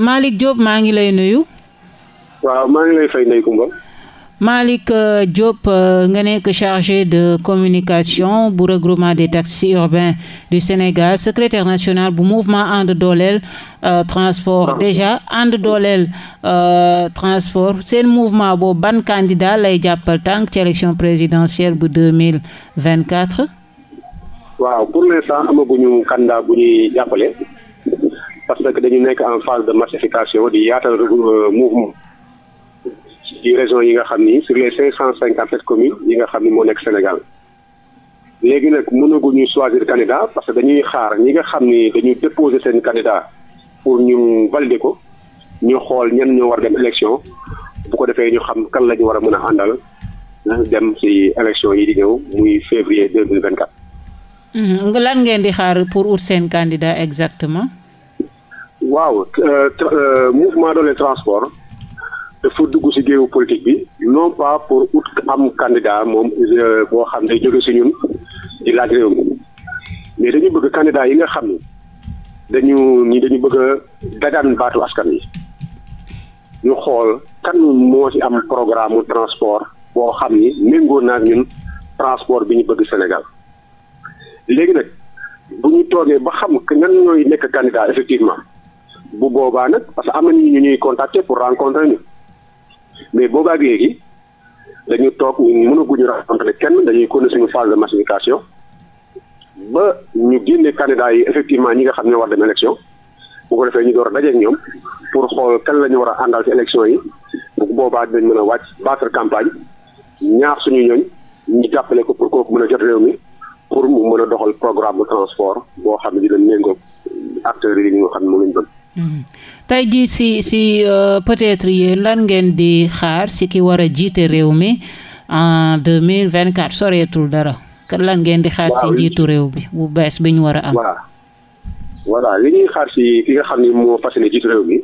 Malick Diop maa ngi lay nuyu. waaw maa ngi lay fay Ndeye Comba. Malick euh, Diop euh, nga nekk chargé de communication bu regroupement de taxis urbains du Sénégal secrétaire national bu mouvement ànd dooleel euh, transport ah. déjà ànd dooleel transport seen mouvement boo ban candidat lay jàppal tànk ci élection présidentielle bu deux mille vingt quatre. parce que dañu nekk en phase de massification di yaatal euh, mouvement ci région yi nga xam ni sur les cinq cent cinquante sept communes yi nga xam ni moo nekk Sénégal léegi nag mënaguñu choisir candidat parce que dañuy xaar ñi nga xam ni dañuy déposer seen candidat pour ñu valider ko ñu xool ñan ñoo war dem élection bu ko defee ñu xam kan la ñu war a mën a àndal dem ci élection yi di ñëw muy février deux mille vingt quatre. Mmh. lan ngeen di xaar pour ut seen candidat exactement. waaw euh, euh, mouvement dans les transports dafa dugg ci géewu politique bi non pas pour ut am candidat moom euh, boo xam ne jóge ci ñun di laaj réew mi mais dañu bëgg candidat yi nga xam ni dañu ñi dañu bëgg a dagaan baatu askan yi ñu xool kan moo ci am programme mu transport boo xam ni méngoo naa ñun transport bi ñu bëgg Sénégal léegi nag bu ñu toogee ba xam que ñan ñooy nekk candidat effectivement bu boobaa nag parce que am na ñu ñuy contacter pour rencontrer ñu mais boobaa ak léegi dañu toog ñu mënaguñu rencontrer kenn dañuy connaître suñu phase de massification ba ñu génne candidat yi effectivement ñi nga xam ne war dem élection bu ko defee ñu door a dajeeg ñoom pour xool kan lañu war a àndal ci élection yi bu boobaa dinañ mën a wàcc battre campagne ñaax suñu ñooñ ñu jàppale ko pour kooku mën a jot réew mi pour mu mën a doxal programme de transport boo xam ne dina méngoo acteurs yi ñu nga xam ne moom lañ Mm-hmm. tey jii si si euh, peut yi lan ngeen di xaar si ki war a jiite réew mi en deux mille vingt quatre soreetul dara lan ngeen di xaar si jiitu réew bi bu bees bi ñu war a am voilà li ñuy xaar si ki nga xam ne moo fas yéene jiitu réew mi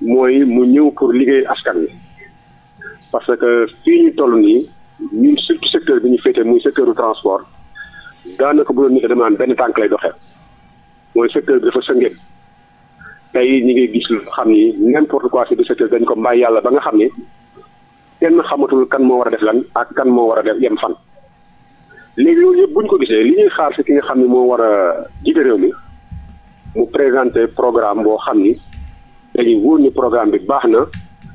mooy mu ñëw pour liggéey askan wi parce que fii ñu toll nii ñu surtout secteur bi ñu féetee muy secteur du transport daanaka bu doon ni ko dama naan benn tànk lay doxee mooy secteur bi dafa sëngeen tey ñu ngi gis lu xam ni n'importe quoi ci secteur dañ ko bàyyi yàlla ba nga xam ni kenn xamatul kan moo war a def lan ak kan moo war a def yem fan. léegi loolu yëpp bu ñu ko gisee li ñuy xaar ci ki nga xam ni moo war a jiite réew mi mu présenter programme boo xam ni dañuy wóor ni programme bi baax na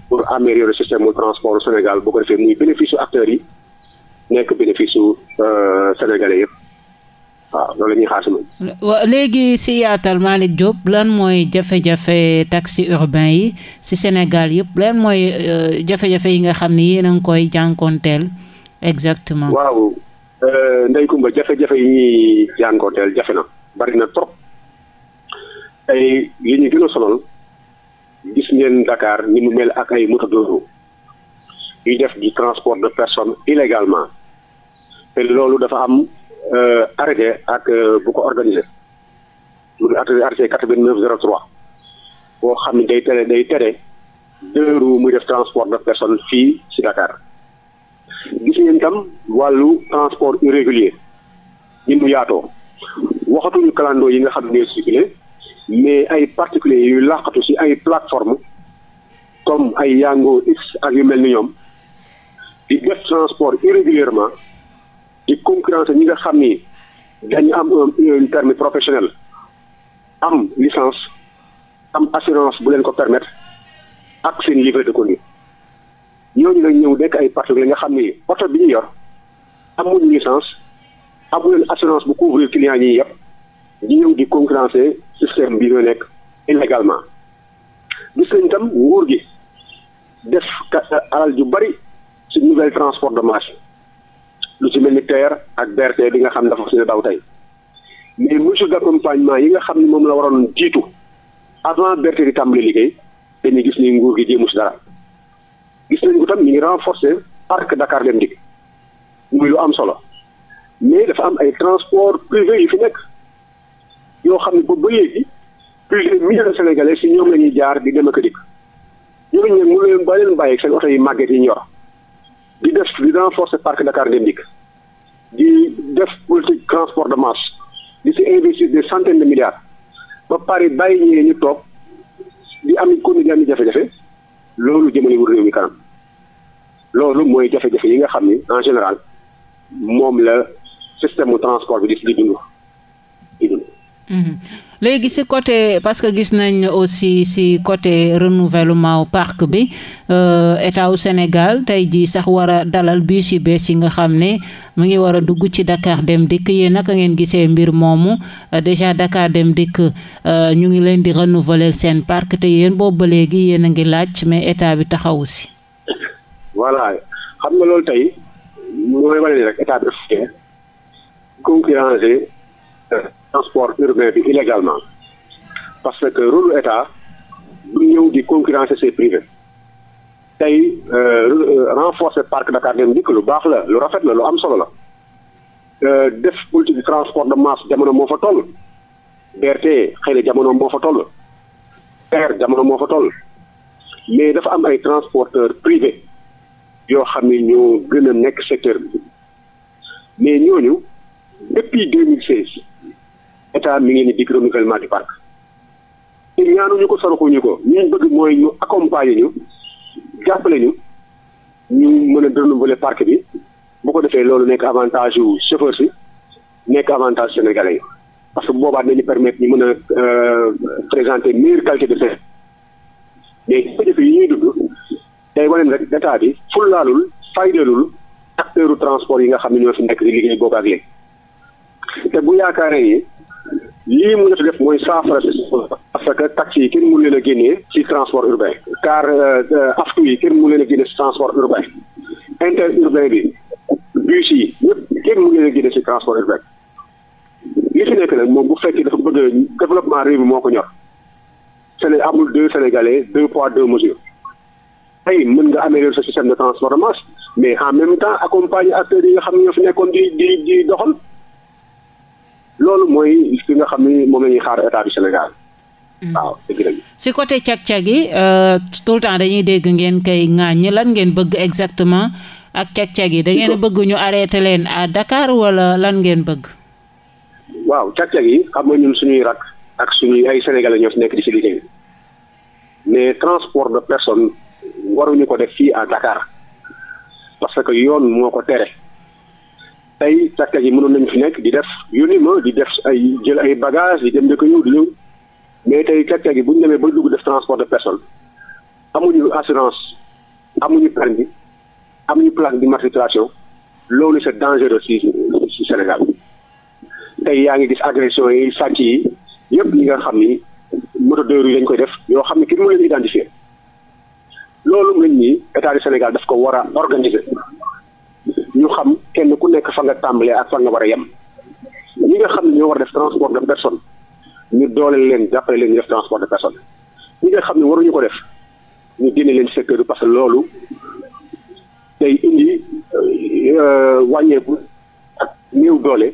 pour améliorer système mu transport Sénégal bu ko defee muy bénéfice su acteurs yi nekk bénéfice su euh, sénégalais yëpp. waaw loolu la ñuy xaar moom. léegi si yaatal Malick Diop lan mooy jafe-jafe taxi urbain yi si Sénégal yëpp lan mooy euh, jafe-jafe yi nga xam ni yéen a ngi koy jànkoonteel exactement. waaw euh, Ndeye Comba jafe-jafe yi ñuy jànkoonteel jafe na bari na trop ay li ñu gën a gis ngeen Dakar ni mu mel ak ay moto d'eau yu def du transport de personnes illégalement te loolu dafa am. Euh, arrêté ak euh, bu ko organisé muy arrêté quatre vingt neuf zéro trois boo xam ne day tere day tere deux roues def transport de personne fii si Dakar gis ngeen tam wàllu transport irrégulier ñi mu yaatoo waxatuñu kalandoo yi nga xam ne circulé mais ay particuliers yuy làqatu si ay plateforme comme ay Yango X ak yu mel ni ñoom di def transport irrégulièrement di concurrencer ñi nga xam ni dañu am un permis professionnel am licence am assurance bu leen ko permettre ak seen livret de conduite ñooñu lañ ñëw nekk ay particulier nga xam ni oto bi ñu yor amuñu licence amu leen assurance bu couvrir client yi yëpp ñu ñëw di concurrencer système bi ñoo nekk illégalement gis tam nguur gi def alal ju bari ci nouvelle transport de masse lu ci mel ni TER ak BRT bi nga xam dafa suñu daw tey mais mesure d'accompagnement yi nga xam ne moom la waroon jiitu avant BRT di tàmbali liggéey dañuy gis ni nguur gi jéemu si dara gis nañ ko tam ñu ngi renforcer parc Dakar Dem Dikk muy lu am solo mais dafa am ay transport privé yu fi nekk yoo xam ni boobu ba léegi plusieurs milliers de Sénégalais si ñoom la ñuy jaar di dem ak a dikk ñooñu nag mënu leen ba leen bàyyi seen oto yi màgget yi ñor di def di renforcer parc Dakar Dem Dikk di def politique transport de marche di si investir des centaines de milliards ba pare bàyyi ñëwee ñu toog di am kon di am jafe-jafe loolu jëmale wu réew mi kanam loolu mooy jafe-jafe yi nga xam ni en général moom la système mu transport bi di si di dund mm-hmm. léegi si côté parce que gis nañ aussi si côté renouvellement parc bi euh, état wu Sénégal tey jii sax war a dalal bus yu bees yi nga xam ne mu ngi war a dugg ci Dakar Dem Dikk yéen naka ngeen gisee mbir moomu euh, déjà Dakar Dem Dikk euh, ñu ngi leen di renouvelle seen parc te yéen boobu ba léegi yéen a ngi laaj mais état bi taxawu si. voilà xam nga loolu tey mooy wane ni rek état bi concurrence transport urbain bi illégalement parce que rôle état du ñëw di concurrencer ses privés tey euh, renforcer parc Dakar Dem Dikk lu baax la lu rafet la lu am solo la euh, def politique de transport de masse jamono moo fa toll BRT xëy na jamono moo fa toll TER jamono moo fa toll mais dafa am ay transporteurs privés yoo xam ne ñoo gën a nekk secteur bi mais ñooñu depuis 2016 état mi ngi ni dig renouvellement du parc te ñaanuñu ko saraxuñu ko ñu bëgg mooy ñu accompagner ñu jàppale ñu ñu mën a renouveler parc bi bu ko defee loolu nekk avantage yu chauffeur si nekk avantage sénégalais yi parce que boobaa nañu permettre ñu mën a euh, présenter meilleure qualité de service mais jafe yi ñuy dund day waneen rek état bi fullaalul faydalul acteuru transport yi nga xam ne ñoo fi nekk di liggéey boobu ak léegi te bu yaakaaree lii mu def mooy saafara si parce que taxi yi kenn mënu leen a génnee ci transport urbain car euh, euh, aftu yi kenn mu leen a génnee si transport urbain interurbain bi bus yi yëpp kenn mu leen a génnee si transport urbain li fi nekk nag moom bu fekkee dafa bëgg développement réew mi moo ko ñor Séné amul deux Sénégalais deux poids deux mesures tey mën nga améliorer sa système de transport de masse mais en même temps accompagner acteurs yi nga xam ne ñoo fi nekkoon di di loolu mooy fi nga xam ni moom la ñuy xaar état du Sénégal. Hmm. waaw si côté càq-càq yi euh, tout le temps dañuy dégg ngeen kay ŋaaññi lan ngeen bëgg exactement ak càq-càq yi da ngeen bëgg ñu arrêté leen à Dakar wala lan ngeen bëgg. waaw càq-càq yi xam nga ñun suñuy rak ak suñuy ay sénégalais ñoo nekk di si liggéey mais transport de personne waruñu ko def fii à Dakar parce que yoon moo ko tere. tey sàkket yi mënoon nañu fi nekk di def yónni ma di def ay jël ay bagage di dem di ko ñëw di ñëw mais tey sàkket yi bu ñu demee ba dugg def transport de personne amuñu assurance amuñu permis amuñu plaque d'immatriculation loolu c'est dangereux ci ci Sénégal tey yaa ngi gis agression yi sàcc yi yëpp ñi nga xam ni moto deux roues lañ koy def yoo xam ne kenn mën leen identifier loolu lañ ni état du Sénégal daf ko war a organiser ñu xam kenn ku nekk fa nga tàmbalee ak fa nga war a yem ñi nga xam ne ñoo war a def transport de personne ñu dooleel leen jàppale leen ñu def transport de personne ñi nga xam ne waruñu ko def ñu génne leen secteur bi parce que loolu day indi euh, wàññeeku ak doole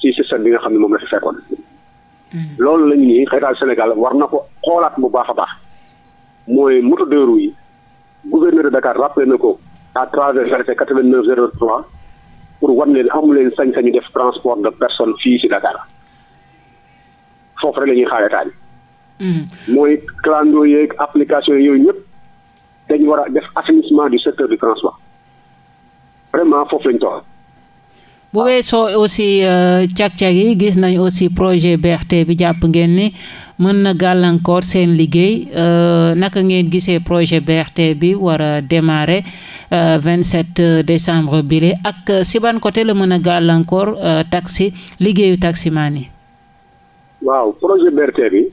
ci système bi nga xam ne moom la fi fekkoon. Mm-hmm. loolu lañu nii xeetal Sénégal war na ko xoolaat bu baax a baax mooy moto deux yi gouverneur de Dakar rappelé na ko. à travers l'arrêté 89 03 pour wan leen amu leen sañ-sañu def transport de personne fii si Dakar foofu rek la ñuy xaar hmm. mooy clando yeeg application yooyu ñëpp dañu war a def assainissement du secteur du transport vraiment foofu la ñu toll. bu weesoo aussi euh, cag-cag yi gis nañ aussi projet berte bi jàpp ngeen ni mën na gàllankoor seen liggéey euh, naka ngeen gisee projet berte bi war a démarrer 27 euh, décembre bile ak si ban côté la mën a gàllankoor taxi liggéeyu taximaan yi waaw projet BRT bi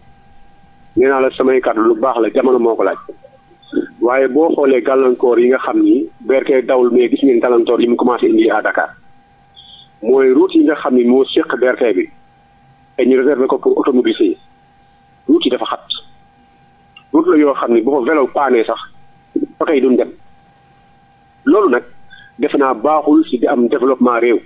nee naa la samay kàddu lu baax la jamono moo ko laaj waaye boo xoolee gàllankoor yi nga xam ni BRT dawul mais gis ngeen gàllankoor yi mu commencé indi Dakar mooy route yi nga xam ne moo séq BRT bi te ñu réservé ko pour automobilistes yi route yi dafa xat route la yoo xam ne bu ko vélo paanee sax oto yi duñ dem loolu nag def naa baaxul si di am développement réew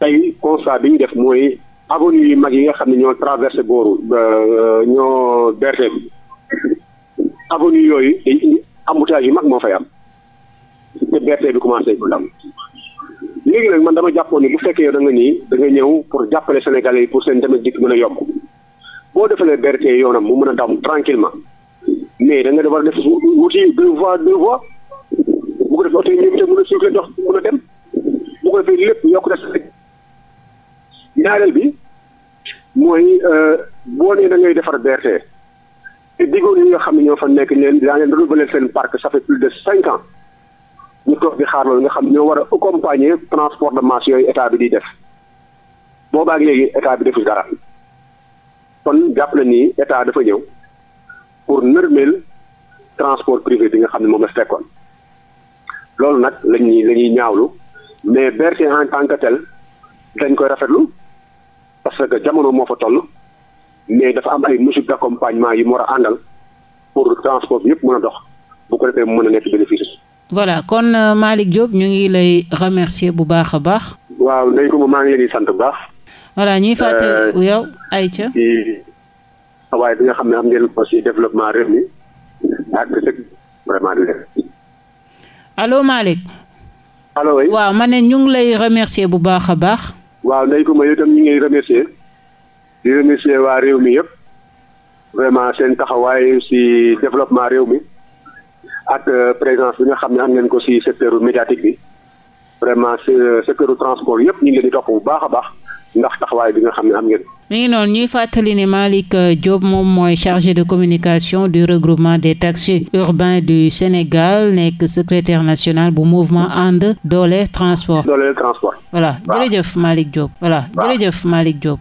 tey constat bi ñu def mooy avenue yi mag yi nga xam ne ñoo traversé booru euh, ñoo BRT bi avenue yooyu dañ indi embouteillage yu mag moo fay am te BRT bi commencé bu ndam léegi nag man dama jàppoon ni bu fekkee yow da nii da nga ñëw pour jàppale sénégalais yi pour seen dem ak dikk mën a yomb boo defalee BRT yoonam mu mën a daw tranquillement mais da nga war a def wuti deux voies deux voies bu ko defee oto yi ñoom itam mën a circuler dox mën a dem bu ko defee lépp yokk des ñaareel bi mooy euh, boo nee da ngay defar BRT te diggoon ñi nga xam ne ñoo fa nekk leen daa leen seen parc ça fait plus de cinq ans ñu toog di xaar loolu nga xam ñoo war a accompagner transport de masse yooyu état bi di def boobaa ak léegi état bi deful dara kon jàpp na nii état dafa ñëw pour nërmeel transport privé bi nga xam ne moom la fekkoon loolu nag la ñuy la ñaawlu mais BRT en tant que dañ koy rafetlu parce que jamono moo fa toll mais dafa am ay mesures d'accompagnement yu mu war a àndal pour transport bi yëpp mën a dox bu ko defee mu mën a nekk bénéfice. voilà kon euh, Malick Diop ñu ngi lay remercier bu baax a baax. waaw dañ ko ma maa ngi sant bu baax. voilà ñuy fàttali euh, yow ay ca waaye bi nga xam ne am ngeen ko développement réew mi ak vraiment di allo Malick. waaw ma ne ñu ngi lay remercier bu baax a baax. waaw ndey ko ma yow itam ñu ngi remercier di remercier waa réew mi yëpp vraiment seen taxawaay ci développement réew mi. ak euh, présence bi nga xam ne am ngeen ko ci secteur médiatique bi vraiment secteur transport yëpp ñu ngi leen bu baax a baax ndax taxawaay bi nga xam ne am ngeen. mi ngi noonu ñuy fàttali ne Malick euh, Diop moom mooy chargé de communication du regroupement des taxis urbains du Sénégal nekk secrétaire national bu mouvement ànd doole transport. dooleel transport. voilà jërëjëf Malick Diop. voilà jërëjëf Malick Diop.